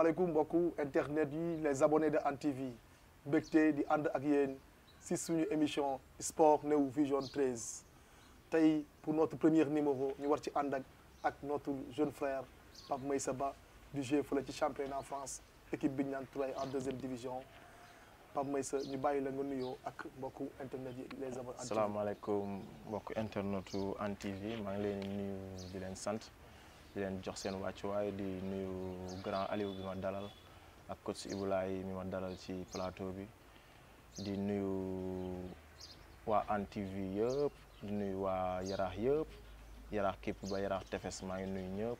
alaikum beaucoup internet yi les abonnés de Hann Bekté di and ak yéen si suñu émission sport Neo Vision 13 tay pour notre premier numéro ñu war ci ànd ak notre jeune frère Pape Meissa Ba du jeu fële ci championnat France équipe bi ñu en deuxième division Pape Meissa ñu bàyyi la nga nuyo ak mbokku internet yi les abonnés. asalaamaaleykum alaikum internetu internet TV maa ngi leen nuyu di leen sant. di leen jox waccu way di nuyu grand Aliou bima dalal ak coach Iboulaye mi ma dalal ci plateau bi di nuyu wa antv TV di nuyu wa Yaraax yëpp Yaraax kep ba Yaraax tefes ma ngi nuyu ñëpp.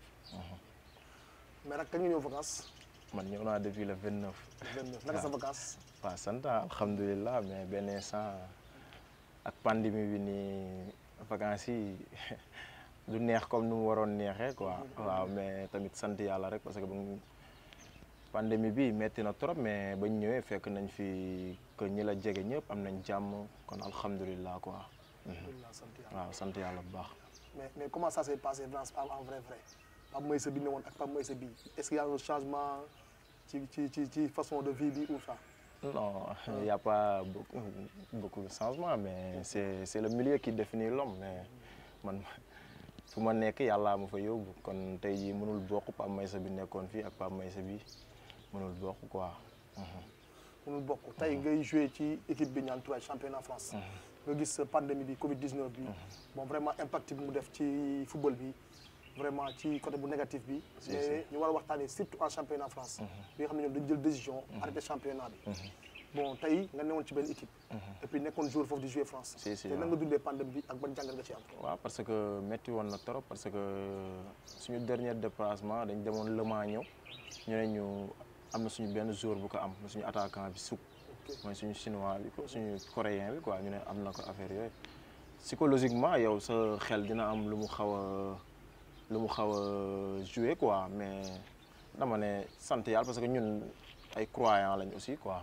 mais nag ñu nga vacances. man ñëw na depuis le 29. nak sa vacances. pa santa alhamdullilah mais ben instant ak pandémie bi ni vacances yi. du neex comme nous waron nexé quoi. waaw mais tamit sante yalla rek parce que pandémie bi metti na trop mais bañ ñëwé fekk nañ fi que ñila la ñëpp am nañ jamm kon alhamdoulillah quoi. waaw sante yalla bu baax. mais mais comment ça s'est passé en vrai vrai Pape Meissa bi ne woon ak Pape Meissa bi est-ce qu'il y a un changement ci ci ci ci façon de vie bi ou ça. Non, il ouais. n'y a pas beaucoup, beaucoup de changement, mais c'est le milieu qui définit l'homme. Mais mm. man, fu nek yalla yàllaa ma fa yóbbu kon tay ji mënul bokk Pape Maïssa bi nekkoon fi ak Pape bi mënul bokk quoi. Mhm. mënul bokk tay mhm. ngay jouer ci équipe bi ñan 3 championnat France. Mhm. nga gis pandémie bi Covid 19 bi. bon vraiment impact bi mu def ci football bi. vraiment ci côté bu négatif bi. mais ñu war waxtane waxtaanee surtout en championnat France. bi nga xam ne dañu jël décision. arrêter championnat bi bon tey nga newoon ci ben équipe. Mhm. et puis nekkoon jour foofu di jouer France. c'est si te nan nga dundee pandémie bi ak ban jangal nga ci am. wa parce que metti won na trop parce que suñu dernier déplacement dañ demone Le Mans ñëw ñu né ñu amna suñu benn jour bu ko am suñu attaquant bi souk moy suñu chinois bi suñu coréen bi quoi ñu né amna ko affaire yoy psychologiquement yow sa xel dina am lu mu xawa lu mu xawa jouer quoi mais dama né sant yàlla parce que ñun ay croyants lañ aussi quoi.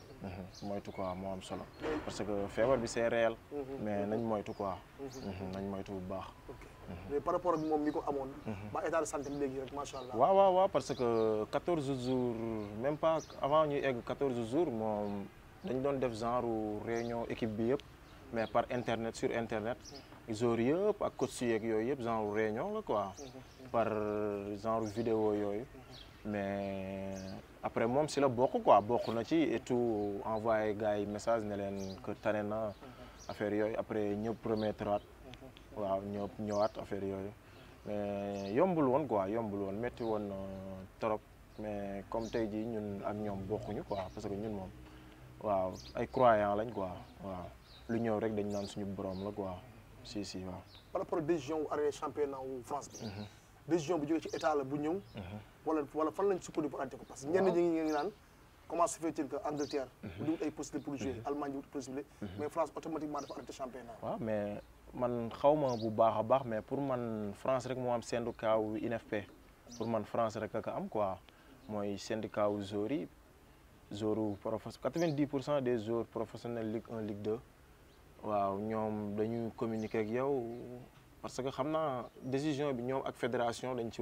Mhm. moytu quoi mo am solo parce que feebar bi c'est réel mhm. mais nañ moytu quoi mhm. nañ moytu bu baax mais par rapport ak moom mi ko ba état de santé légui rek machallah wa wa wa parce que quatorze jours même pas avant ñuy egg quatorze jours mom dañ doon def genre réunion équipe bi yëpp mais par internet sur internet zoor yëpp ak coach ak yoy yëpp genre réunion la quoi par genre vidéo yoy mais après moom si la bokk quoi bokk na ci et tout envoyé gars yi message ne leen que tane na affaire yooyu après ñëpp promettre waat waaw ñëpp ñëwaat affaire yooyu mais yombul woon quoi yombul woon métti woon euh, trop mais comme tey jii ñun ak ñoom bokkuñu quoi parce que ñun moom waaw ay croyants lañ quoi waaw lu ñëw rek dañ naan suñu borom la quoi si si waaw. par rapport décision wu arrêté championnat wu France mhm. décision bu jógee ci état la bu ñëw. Mhm. wala wala fan lañ sukkandiku pour àtte ko parce que ñenn ñi ngi comment se fait-il que Angleterre mhm. di wut ay possible pour jouer mhm. Allemagne di wut possible mhm. mais France automatiquement dafa le championnat waaw mais man xawma bu baax a baax mais pour man France rek moo am syndicat wu INFP pour man France rek aka am quoi mooy syndicat wu joueurs yi joueurs 90 des joueurs professionnels Ligue 1 Ligue 2 waaw ñoom dañuy communiquer ak yow parce que xam décision bi la ak fédération dañ ci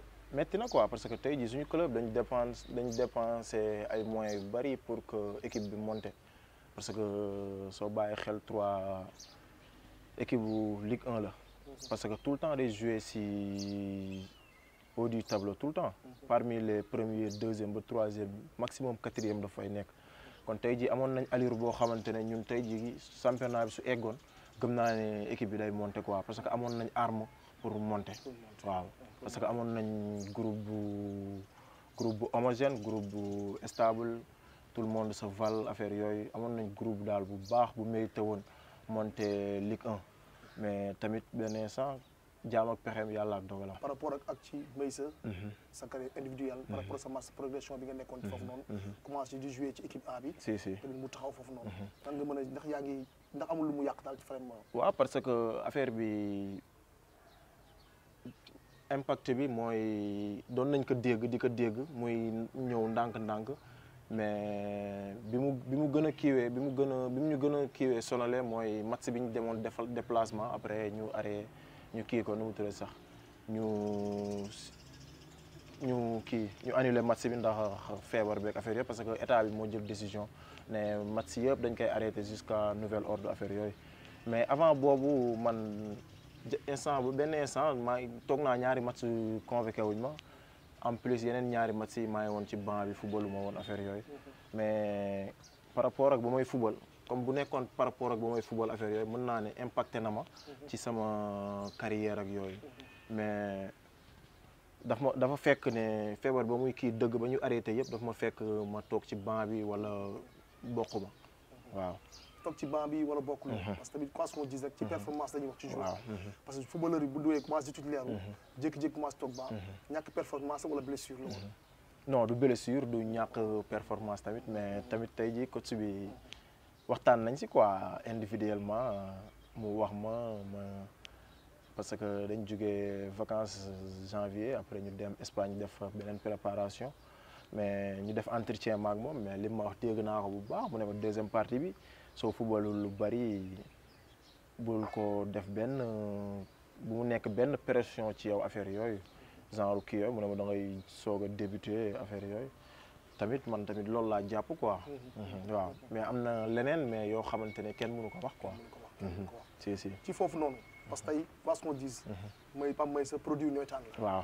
maintenant quoi parce que tey dis suñu club dañu dépense dañu dépenser ay moyens bari pour que équipe bi monte parce que euh, so baye xel trois équipe bu Ligue 1 là parce que tout le temps les jouer si haut du tableau tout le temps. parmi les premiers deuxième ba troisième maximum quatrième fay nek kon tey jii amon nañ allure bo xamantene ñun tey championnat bi su eggoon gëm équipe bi day monter quoi parce que amon nañ arme pour monter waaw parce que amon nañ groupe groupe homogène groupe stable tout le monde se val affaire yoy amon nañ groupe dal bu baax bu mérité won monter Ligue 1 mais tamit benn instant diam ak pexeem yalla ak dogalam. par rapport ak ci Mbaye mhm. sa. carrière individuelle. par rapport mhm. sa masse progression bi nga nekkoon foofu mhm. noonu. commencé di jouer ci équipe A bi. si si tamit mu taxaw foofu noonu. nan nga mën ndax yaa ndax amul lu mu yàq daal ci vraiment. wa parce que affaire bi impact bi moy don nañ ko dégg diko ko dégg muy ñëw ndank mais bi mu bi mu gëna a bi mu gën bi mu ñu gëna kiwé kiiwee moy match bi ñu demoon defal déplacement après ñu arrêté ñu kii ko nu mu sax ñu ñu ki ñu annuler match bi ndax feebar beeg affaire yëpp parce que état bi mo jël décision ne match yëpp dañ koy arrêter jusqu'à nouvel ordre affaire yoy mais avant bobu man. instant bu benn instant maa toog naa ñaari match convoqué wuñ ma en plus yeneen ñaari match yi maa ngi woon ci banc bi football ma woon affaire yooyu mais par rapport ak ba may football comme bu nekkoon par rapport ak ba may football yooyu mën naa ne impacté na ma ci sama carrière ak yooyu mais dafa ma dafa fekk ne feebar ba muy kii dëgg ba ñu arrêté yëpp dafa ma fekk ma toog ci banc bi wala bokk ma waaw toog ci bambi bi war a mhm. parce que tamit quoi qu'on dise ci mhm. performance la wax ci joueur mhm. parce que footballeur yi bu duwee commencé di titulaire wu jékki-jékki commencé toog banc ñàkk performance wala blessure la non du blessure du ñak performance tamit mais tamit tay ji coach bi waxtan nañ ci quoi individuellement euh, mu wax ma parce que dañ jógee vacances janvier après ñu dem Espagne def benen préparation mais ñu def entretien maak mom mais lim ma wax dégg na ko bu baax mu ne ma deuxième partie bi soo footballul lu bari bul ko def benn bu mu nekk benn pression ci yow affaire yooyu genre kii yooyu mu ne ma da ngay soog a débuter affaire yooyu tamit man tamit loolu laa jàpp quoi. Mhm. waaw mais am na leneen mais yoo xamante ne kenn mënu ko wax quoi. Mhm. si si ci foofu noonu. parce que tey quoi qu'on dise. may mhm. pam may sa produit ñooy tànn la. waaw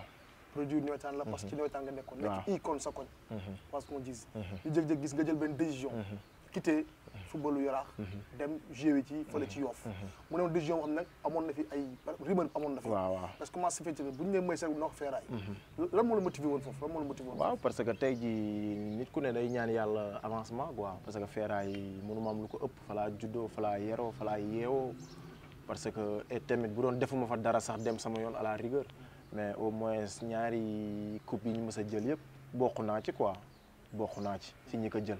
produit ñooy tànn la parce que ci ñooy nga nekkoon. waaw nekk icône sa koñ. quoi qu'on jël benn décision. quitté footballu Yaraax dem jouer ci fële ci Yoff mu newoon décision wax nag amoon na fi ay rumeur amoon na fi waaw waaw parce que commencé fecc bu ñu nee may sax noo ko feeraay lan moo la motivé woon foofu lan moo la motivé woon waaw parce que tey jii nit ku ne day ñaan yàlla avancement quoi parce que feeraay mënuma am lu ko ëpp falaa juddoo falaa yeroo falaa yeewoo parce que et tamit bu doon defuma fa dara sax dem sama yoon à la rigueur mais au moins ñaari coupe yi ñu mës a jël yëpp bokk naa ci quoi bokk naa ci si ñi ko jël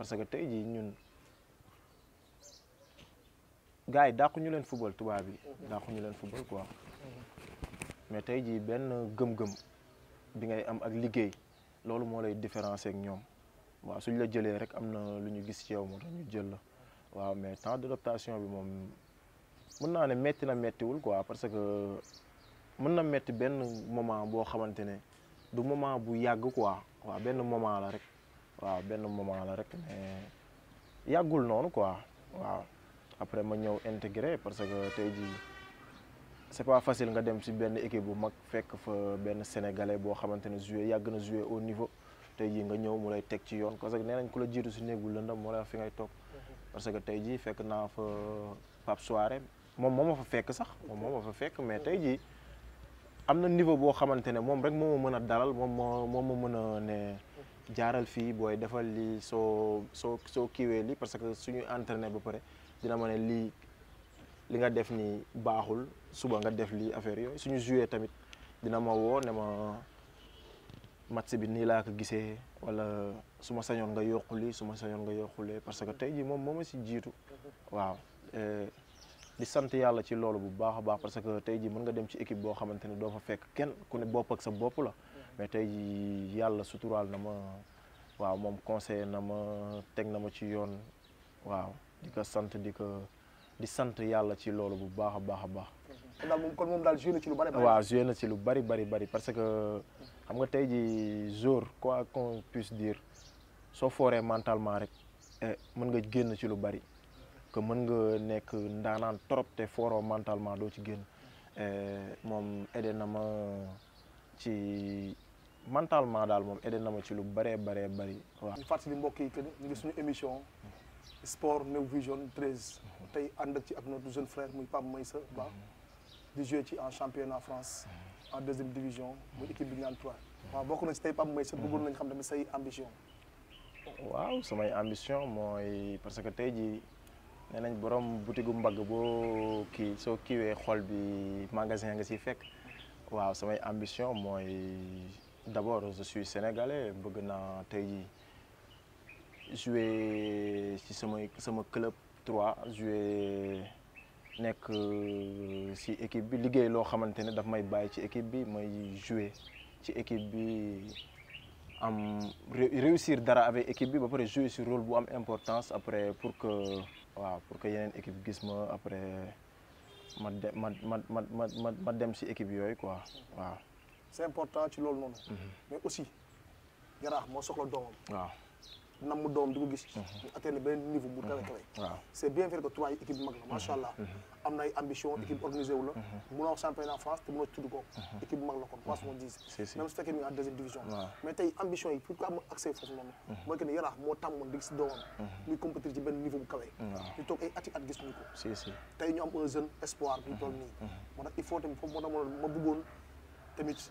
parce que tey jii ñun gars yi dàqu ñu leen football tubaab yi. dàqu ñu leen football quoi. mais tey jii benn gëm-gëm bi ngay am ak liggéey loolu moo lay différencier ak ñoom waaw suñ la jëlee rek am na lu ñu gis ci yow moo tax ñu jël la waaw mais temps d'adaptation bi moom mun naa ne metti na mettiwul quoi parce que mën na metti benn moment boo xamante ne du moment bu yàgg quoi waaw benn moment la rek. waaw benn moment la rek mais yàggul non quoi waaw après ma ñëw intégrer parce que tey jii c'est pas facile nga dem ci ben équipe bu mag fekk fa ben sénégalais bo xamante jouer joué yàgg na joué au niveau tey jii nga ñëw mu lay ci yoon parce que nenañ nañ la jiitu ci néegu lëndam moo lay fi ngay toog parce que tey jii fekk na fa pap Soirée mom moo fa fekk sax mom moo fa fekk mais tey jii am niveau bo xamante mom rek moo meuna dalal mom moo meuna ne. Jaral fi boy defal li so so so kiwe li parce que suñu entraîné ba paré dina mané li lii li nga def ni baxul suba nga def li affaire yoy suñu jouer tamit dina ma wo né ma match bi ni la ko gissé wala suma sañon nga yokuli suma sañon nga yokulé parce que tey jii moom moo ma si jiitu eh, di sante yalla ci lolu bu baakha baax parce que tey mën nga dem ci équipe bo xamanteni ne fa fekk kenn ku ne bop ak sa bop la mais tey jii yàlla suturaal na ma waaw moom conseiller na ma teg na ma ci yoon waaw di ko sant di ko di sant yàlla ci loolu bu baax a baax a baax. daal moom kon moom daal joué na ci lu bari. na ci lu bari bari bari parce que xam nga tey jii jour quoi qu'on puisse dire soo fooree mantalement rek eh, mën nga génn ci lu bari que mën nga nekk ndaanaan trop te fooroo mantalement doo ci génn eh, moom aidé na ma ci. mentalement dal mom aidé na ma ci lu bëree bëree bëri wa ñu fàttali mbokk yi que ñu suñu émission sport New Vision 13 tay and ak ci ak notre jeune frère muy Pape Maïssa Ba di jouer ci en championnat France en deuxième division muy équipe bi ñu naan 3 waaw bokk na ci tey Pape Maïssa bëggoon nañ xam tamit say ambition. waaw samay ambition moy parce que tay ji nee nañ borom boutique mbag bo ki so kiiwee xol bi magasin nga ci fek waaw samay ambition moy d'abord je suis sénégalais bëgg naa tey jii jouer ci sama sama club 3 jouer nekk euh, ci équipe bi liggéey loo xamante daf may bàyyi ci équipe bi may jouer ci équipe bi am réussir dara avec équipe bi ba pare jouer sur rôle bu am importance après pour que wa pour que yenen équipe gis ma après ma ma ma ma ma dem ci équipe yoy quoi waaw c'est important ci loolu non mhm. mais aussi yaraax mo soxla dom waaw nam dom doom di ko gis. Mhm. mu atteindre niveau bu tawee tawee. Mhm. waaw bien vrai que trois équipe mag machallah macha am na ay ambition équipe organisée wu la. munoo championnat France te mo tudd ko. équipe mag kon parce que moo diis. c' est sûr même su fekkee en deuxième division. mais tay ambition yi pourquoi mo accès foofu noonu. mooy que ne mo moo dig ci dom doomam. muy compétir ci ben niveau bu kawee. waaw tok ay at yi at gis ñu ko. si si ñu am un jeune espoir bu ñu toll nii. moo tax il faut tamit foofu mo tax ma bëggoon tamit.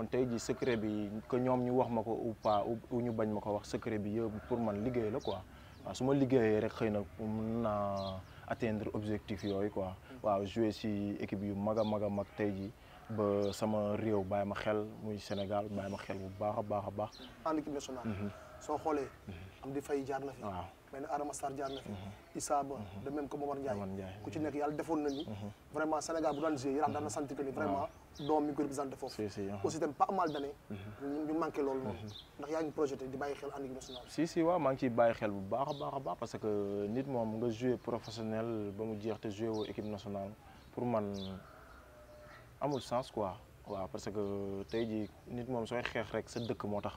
kon tey ji secret bi que ñoom ñu wax ma ko ou pas ou ñu bañ ma ko wax secret bi yëpp pour man liggéey la quoi waaw su ma liggéeyee rek xëy na mun naa atteindre objectif yooyu quoi waaw jouer si équipe yu mag a mag a mag tey ji ba sama réew bàyyi ma xel muy Sénégal bàyyi ma xel bu baax a baax a baax en équipe nationale mhm. soo xoolee mhm. am di fay jaar na fi waaw mel ne Adama Sarr jaar na fi mhm. Issa Ba mhm. de même que Momar Ndiaye ku ci nekk yàlla defoon nañu mhm. vraiment Sénégal bu daan joué Yaraax daan na sentir que ni vraiment doom mi ngi ko représenté foofu uh-huh. aussi tam pas mal d'années ñu manqué loolu noonu ndax yaa ngi projeté di bàyyi xel équipe si si waaw maa ngi ciy bàyyi xel bu baax a baax a baax parce que nit moom nga joué professionnel ba mu jeex te joué woo équipe nationale pour man amul sens quoi waaw parce que tey jii nit moom sooy xeex rek sa dëkk moo tax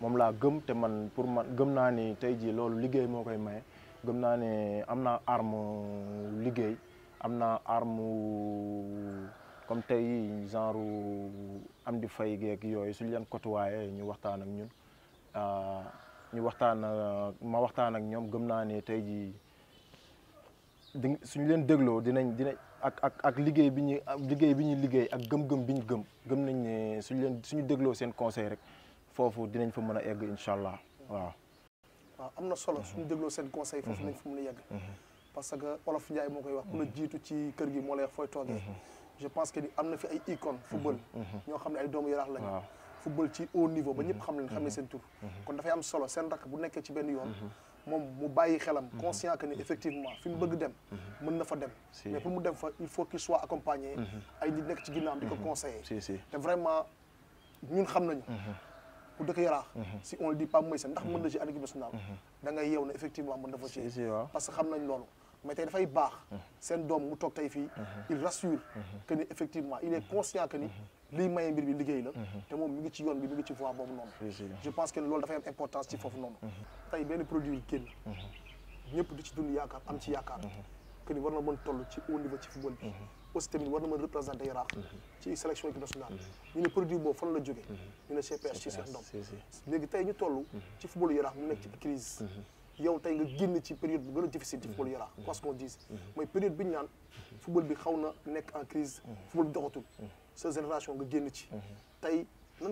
moom laa gëm te man pour man gëm naa ni tey jii loolu liggéey moo koy maye gëm naa ne am na arm liggéey am na arme comme tey genre am di fay geeg yooyu suñ leen côtoyé ñu waxtaan ak ñun ah, ñu waxtaan ma waxtaan ak ñoom gëm naa ne tey jii di suñu leen dégloo dinañ dinañ ak ak ak liggéey bi ñu liggéey bi ñuy liggéey ak gëm-gëm bi ñu gëm gëm nañ ne suñu leen suñu dégloo seen conseil rek fofu dinañ fa mëna égg inshallah waaw. waaw am solo suñu dégloo sen conseil fofu mhm. nañ fa mëna yegg. Mhm. parce que olof Ndiaye mo koy wax ku la mhm. jitu ci kër gi mo lay wax togué je pense que ni am fi ay icône football. ño xamné ay doomu yaraax lañ football ci haut niveau ba ñëpp xam leen xamé sen tour kon da fay am solo sen rak bu nekkee ci ben yoon. mom mu bayyi xelam conscient que ni effectivement fi mu bëgg dem mën na fa dem mais pour mu dem fa il faut qu'il soit accompagné ay nit nekk ci ginnam di ko conseiller c'est vraiment ñun xam nañu ku dëkk yaraax mhm. si on le dit pas mooy sax ndax mhm. mën na ci équipe nationale mhm. da ngay yeew ne effectivement mën dafa ci parce xam nañ loolu mais tey dafay baax seen doom mu toog tey fii il rassure que ni effectivement il est conscient que ni lii maye mbir bi liggéey la te moom mi ngi ci yoon bi mi ngi ci voie boobu noonu je pense que loolu dafay am importance ci foofu noonu tey benn produit génn ñëpp di ci dund yaakaar am ci yaakaar que ni war na mën toll ci haut bi poste tamit war représenter mhm. sélection nationale produit la mhm. ñu ci Cheikh Ndom ñu ci football crise mhm. yow nga période bu difficile ci football irak, quoi qu'on période football bi en crise football bi doxatul sa génération nga génn ci nga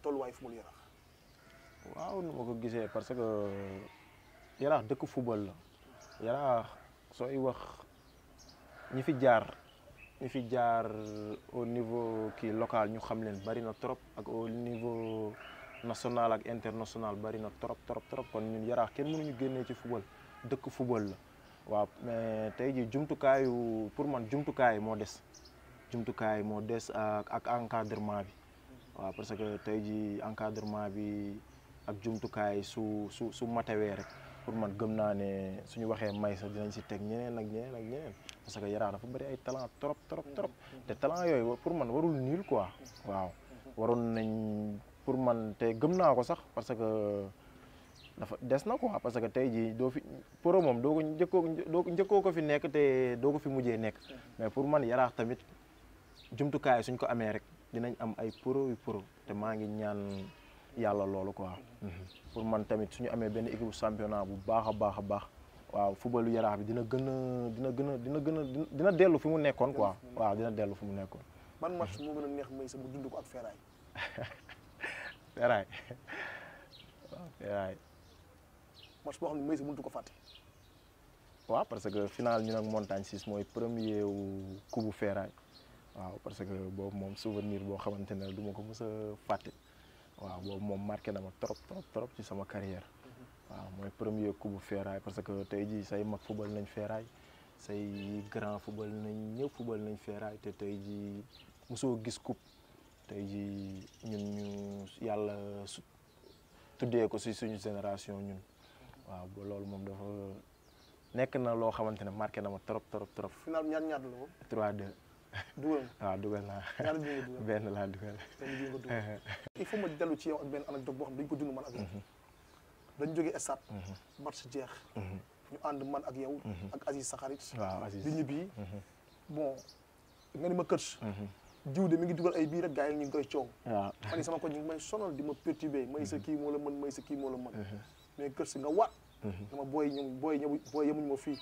football waaw parce que Yaraax football la wax ñi fi ñu fi jaar au niveau kii local ñu xam leen bari na trop ak au niveau national ak international bari na trop trop trop kon ñun yaraax kenn ñu génnee ci football dëkk football la waaw mais tey ji jumtukaayu pour man jumtukaay moo des jumtukaay moo des ak ak encadrement bi waaw parce que tey ji encadrement bi ak jumtukaay su su su matawee rek pour man gëm naa ne suñu waxee may sax dinañ si teg ñeneen ak ñeneen ak ñeneen parce que Yaraax dafa bëri ay talent trop trop trop te talent yooyu pour man warul niil quoi waaw waroon nañ pour man te gëm naa ko sax parce que dafa des na quoi parce que tey jii doo fi pro moom doo ko njëkkoo njëkkoo ko fi nekk te doo ko fi mujjee nekk mais pour man Yaraax tamit jumtukaay suñ ko amee rek dinañ am ay pro yu pro te maa ngi ñaan yàlla loolu quoi. pour man tamit su ñu amee benn équipe championnat bu baax a baax a baax waaw footballu yaraax bi dina gën a dina gën a dina gën a dina dellu fi mu nekkoon ko waaw dina dellu fi mu nekkoon. man match moo gën a neex Mbaye sa mu dund ko ak Feeraay. Feeraay waaw Feeraay. match boo xam ne Mbaye ko fàtte. waaw que final ñu nag montagne mooy premier wu coupe que boobu moom souvenir boo xamante ne du ma ko mës a fàtte. waaw boobu moom marqué na ma trop trop trop ci sama carrière mhm. waaw mooy premier coup bu feeraay parce que tey jii say mag football nañ feeraay say grand football nañ ñëpp football nañ feeraay te tey jii mosoo gis coupe tey jii ñun ñu yàlla su tuddee ko si suñu génération ñun mhm. waaw loolu moom dafa nekk na loo xamante ne marqué na ma trop trop trop. final ñaar ñaar la 3 dugal nga waaw ah, dugal naa. benn laa dugal. benn bi nga dugal il faut ma dellu ci yow ak benn anecdote boo xam dañ ko dund man ak yow. Mhm. dañ jógee stade. Mhm. Mhm. ñu ànd man ak yow. ak Aziz Sakharit. ñibbi. bon nga ni ma kër. jiw de mi ngi dugal ay biir rek gars yi ñu ngi koy coow. waaw sama ko ñu ngi may sonal di ma perturber may sa kii moo la mën may sa kii moo la mais kër si nga waat. dama booy ñoom booy ñoom booy yemuñu ma fii.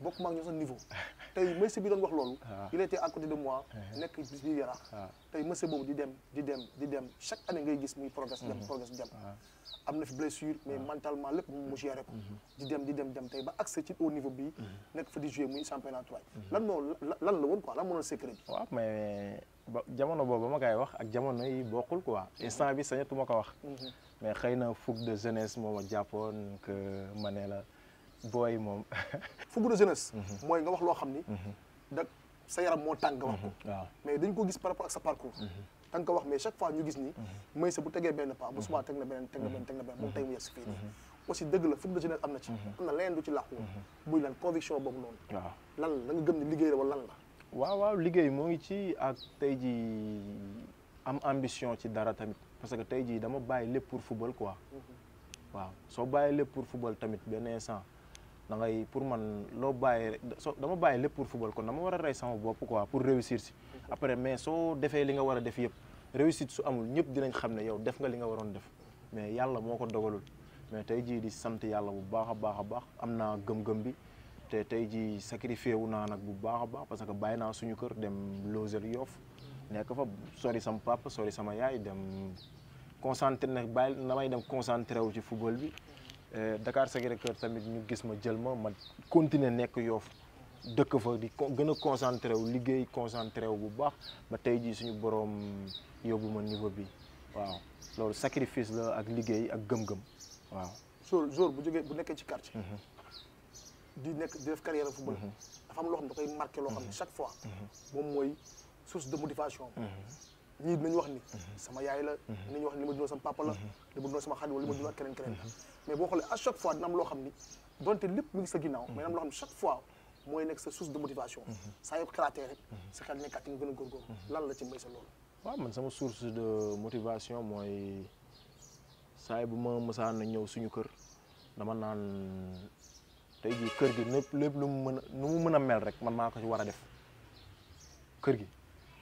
bokk maa son ñoo sa niveau tey monsieur bi doon wax loolu ah. il était à côté de moi ah. nekk bis bi yara tey monsieur boobu di dem di dem di dem chaque année ngay gis muy progresse dem mhm. progresse dem ah. am na fi blessure mais mentalement lépp mu géré ko mhm. di dem di dem dem tey ba accès ci au niveau bi mhm. nekk fa di jouer muy championnat 3 lan moo lan la woon quoi lan moo secret bi mais jamono boobu ma koy wax ak jamono yi bokul quoi instant bi sañatuma ko wax mais xëy na fougue de jeunesse moo japon jàppoon que ma booy moom. football de jeunesse. Mhm. mooy nga wax loo xam ni. Mhm. da sa yaram moo tàng nga wax ko. Mhm. waaw mais dañ ko gis par rapport ak sa parcours. da nga ko wax mais chaque fois ñu gis ni. may sa bu tegee benn pas bu subaa teg na beneen teg na beneen teg na beneen moom tey mu yegg si fii aussi dëgg la football de jeunesse am na ci. am na leneen du ci làqu. muy lan conviction boobu noonu. waaw lan la nga gëm ni liggéey la wala lan la. waaw waaw liggéey moo ngi ci ak tey jii am ambition ci dara tamit parce que tey jii dama bàyyi lépp pour football quoi. waaw soo bàyyi lépp pour football tamit benn instant. da ngay pour man loo bàyyi so dama bàyyi lépp pour football kon dama war a rey sama bopp quoi pour réussir si après mais soo defee li nga war a def yëpp réussite su amul ñëpp dinañ xam ne yow def nga li nga waroon def mais yàlla moo ko dogalul mais tey jii di sant yàlla bu baax a baax a baax am naa gëm bi te tey jii sacrifié wu naa nag bu baax a baax parce que bàyyi naa suñu kër dem loger Yoff nekk fa sori sama papa sori sama yaay dem concentré nag bàyyi damay dem concentré wu ci football bi Euh, Dakar Sacré-Cœur tamit ñu gis ma jël ma ma continuer nekk yoof dëkk fa di gën a concentré wu liggéey concentré wu bu baax ba tey jii suñu boroom yóbbu ma niveau bi waaw loolu sacrifice la ak liggéey ak gëm-gëm waaw. jour jour bu jógee bu nekkee ci quartier. Mhm. di nekk di def carrière football. Mhm. dafa am loo xam da koy marqué loo xam ne mhm. chaque fois. moom mooy source de motivation. ñi dinañ wax ni mhm. sama yaay la mhm. dinañ wax ni ma dundoo sama papa la li bu dundoo sama xadi wala li ma dundoo keneen keneen mhm. mais bo xolé à chaque fois dina am lo xamni donte lepp mi ngi sa ginnaw mais am lo xam chaque fois moy nek sa source de motivation sa yop xalaatee rek sa xel nekati nga gën gor góorgóor lan la ci mbay sa lool wa man sama source de motivation moy saa bu ma mësaan na ñew suñu kër dama naan tay ji kër gi lepp lepp lu mu mëna nu mu mëna mel rek man maa ko ci wara def kër gi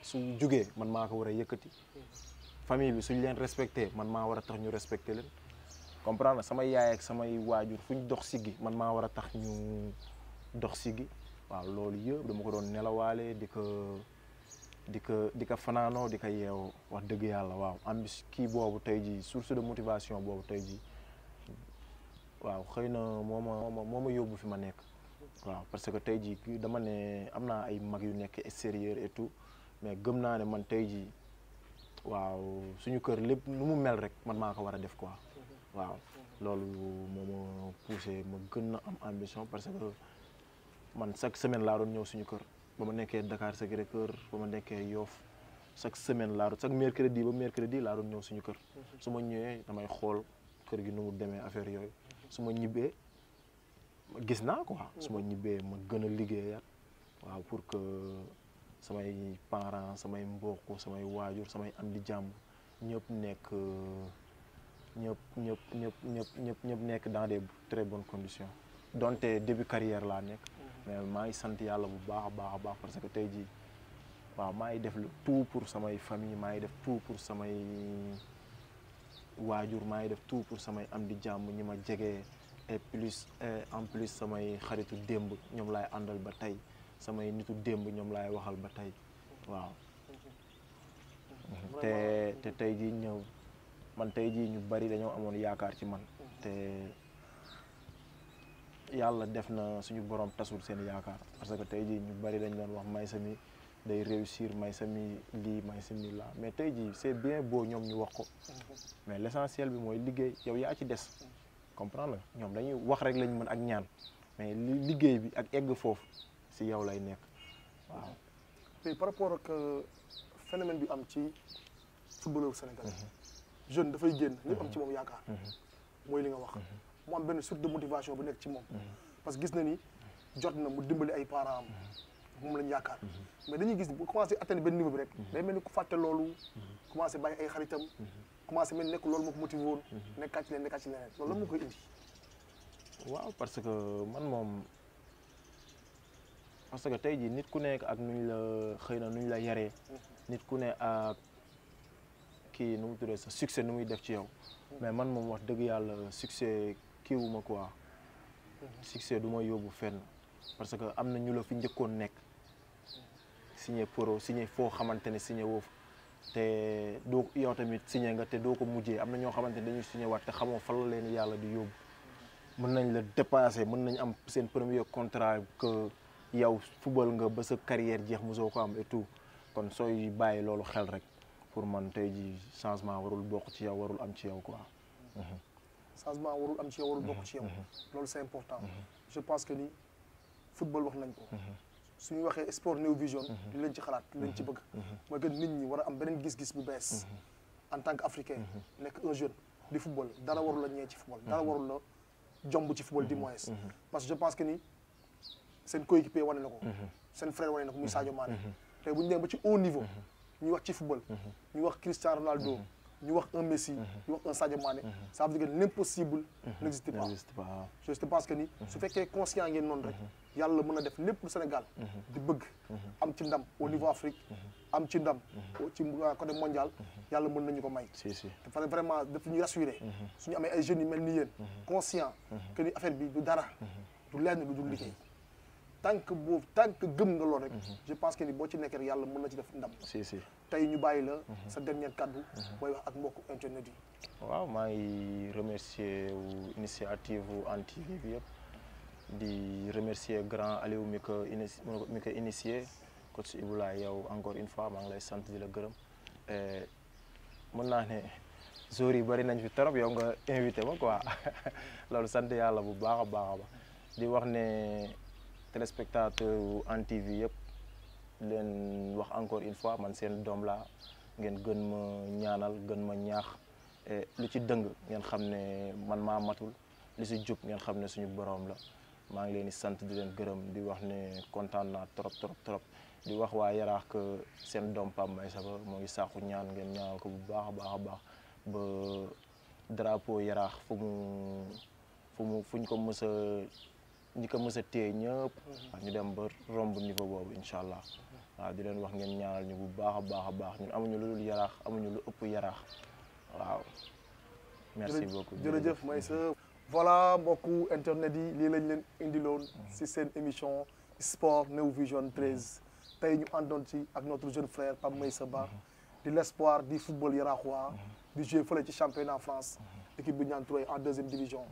su jugee man maa ko war a yëkkati famille bi suñ leen respecté man maa war a tax ñu respecté leen comprendre samay yaay ak samay waajur fuñ dox siggi man maa war a tax ñu dox siggi waaw loolu yëpp dama ko doon nelawaale di ko di ko di ko fanaanoo di ko yeewoo wax dëgg yàlla waaw am kii boobu tey ji source de motivation boobu tey ji waaw xëy na moo ma moo ma yóbbu fi ma nekk waaw parce que tey ji dama ne am naa ay mag yu nekk extérieur et tout mais gëm naa ne man tey jii waaw suñu kër lépp nu mu mel rek man maa ko war a def quoi waaw loolu moo ma poussé ma gën a am ambition parce que man chaque semaine laa doon ñëw suñu kër ba ma nekkee Dakar sa kër kër ba ma nekkee Yoff chaque semaine laa doon chaque mercredi ba mercredi laa doon ñëw suñu kër su ma ñëwee damay xool kër gi nu mu demee affaire yooyu su ma ñibbee gis naa quoi su ma ñibbee ma gën a liggéeyaat waaw pour que samay parent samay mbokk samay waajur samay am di jàmm ñëpp nekk ñëpp ñëpp ñëpp ñëpp ñëpp ñëpp nekk dans des très bonnes condition donte début carrière laa nekk mhm. mais maa ngi sant yàlla bu baax a baax a baax parce que tey jii waaw maa ngi def le tout pour samay famille maa ngi def tout pour samay waajur maa ngi def tout pour samay am di jàmm ñi ma jege et plus en plus samay xaritu démb ñoom laay àndal ba tey samay nitu démb ñoom laay waxal ba tey waaw te te tey jii ñëw man tey jii ñu bari dañoo amoon yaakaar ci man te yàlla def na suñu borom tasul seen yaakaar parce que tey jii ñu bari dañ doon wax may sami day réussir may sami lii may sami laa mais tey jii c'est bien beau ñoom ñu wax ko mais l'essentiel bi mooy liggéey yow yaa ci des comprendre nga ñoom dañuy wax rek lañ mën ak ñaan mais liggéey bi ak egg foofu si yow lay nekk waaw. par rapport ak euh, phénomène bi am ci footballeur sénégalais. Mhm. jeune dafay génn ñëpp am ci mhm. moom yaakaar. Mhm. mooy li nga wax. moo am benn source de motivation bu nekk ci moom. parce que gis na ni jot na mu dimbali ay parents am. moom lañ yaakaar mais dañuy gis bu commencé atteindre benn niveau bi rek day mel ni ku fàtte loolu commencé bàyyi ay xaritam commencé mel nekk loolu moo ko motivé woon nekkaat ci leen nekkaat ci leneen loolu la moo koy parce que tey jii nit ku nekk ak ñu la xëy na nuñ la yaree nit ku ne ak kii nu mu tuddee sa succès nu muy def ci yow mais man moom wax dëgg yàlla succès kiiwuma wu ma succès du ma yóbbu fenn parce que am na ñu la fi njëkkoon nekk signé pro signé foo xamante ne signé woofu te doo yow tamit signé nga te doo ko mujjee am na ñoo xamante ne dañuy signé waat te xamoo fan la leen yàlla di yóbbu mën nañ la dépassé mën nañ am seen premier contrat que yow football nga ba sa carrière jeex mosoo ko am et tout kon sooy bàyyi loolu xel rek pour man tey ji changement warul bokk ci yow warul am ci yow quoi. Mhm. changement warul am ci yow warul bokk ci yow. Mhm. Mhm. loolu c'est important. je pense que ni football wax nañ ko. su ñu waxee sport new vision. li ci xalaat li leen ci bëgg. mooy que nit ñi war a am beneen gis-gis bu bees. en tant que africain. nekk un jeune di football dara warul la ñëwee ci football. dara warul la jomb ci football du seen coéquipier wane na ko mhm. seen frère wane na ko muy mhm. Sadio Mané mhm. tey bu ñu dem ba ci haut niveau ñu wax ci football ñu wax Cristiano Ronaldo ñu wax un Messi ñu wax un Sadio Mané ça veut dire que que ni su fekkee conscient ngeen noonu rek yàlla mën a def lépp lu Sénégal di bëgg am ci ndam au niveau Afrique am ci ndam ci côté mondial yàlla mën nañu ko may si si dafa vraiment daf ñu su ñu amee ay jeunes yi mel ni yéen conscient que ni affaire bi du dara du lenn lu dul liggéey tant que boobu tant que gëm nga lool rek mhm. je pense que ni boo ci nekkee rek yàlla mën na ci def ndam si si tey ñu bàyyi la mhm. sa dernier cadeau, mhm. booy wax ak mbokku internet yi waaw maa remercier wu initiative wu Hann TV bi yëpp di remercier grand Aliou mi ko ini mi ko initié coach Iboulaye yow encore une fois maa ngi lay sant di la gërëm eh, mën naa ne jour yi bëri nañ fi trop yow nga invité ma quoi loolu sant yàlla bu baax a baax di wax ne téléspectateur Hann-TV yëpp leen wax encore une fois man seen doom laa ngeen gën ma ñaanal gën ma ñaax lu ci dëng ngeen man matul li si jub ngeen xam ne suñu boroom la maa ngi leen di sant di leen gërëm di wax ne kontaan naa trop trop trop di wax waa yaraax que seen doom Pape Maye Saba ngi ñaan ngeen ko bu baax baax baax ba drapeau fu mu fu mu ko Nous sommes tous merci beaucoup voilà beaucoup internet émission sport New Vision 13 Nous ñu notre jeune frère Pam Maïssa de l'espoir du football yaraaxois du jouer de championnat en France équipe de en deuxième division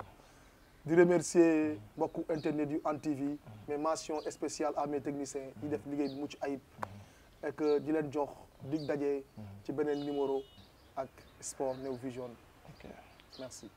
je remercier beaucoup internet du Antv, mais mention spéciale à mes techniciens qui def Mouch beaucoup ayib et que di len jox dig dajé ci benen numéro ak sport New Vision. merci.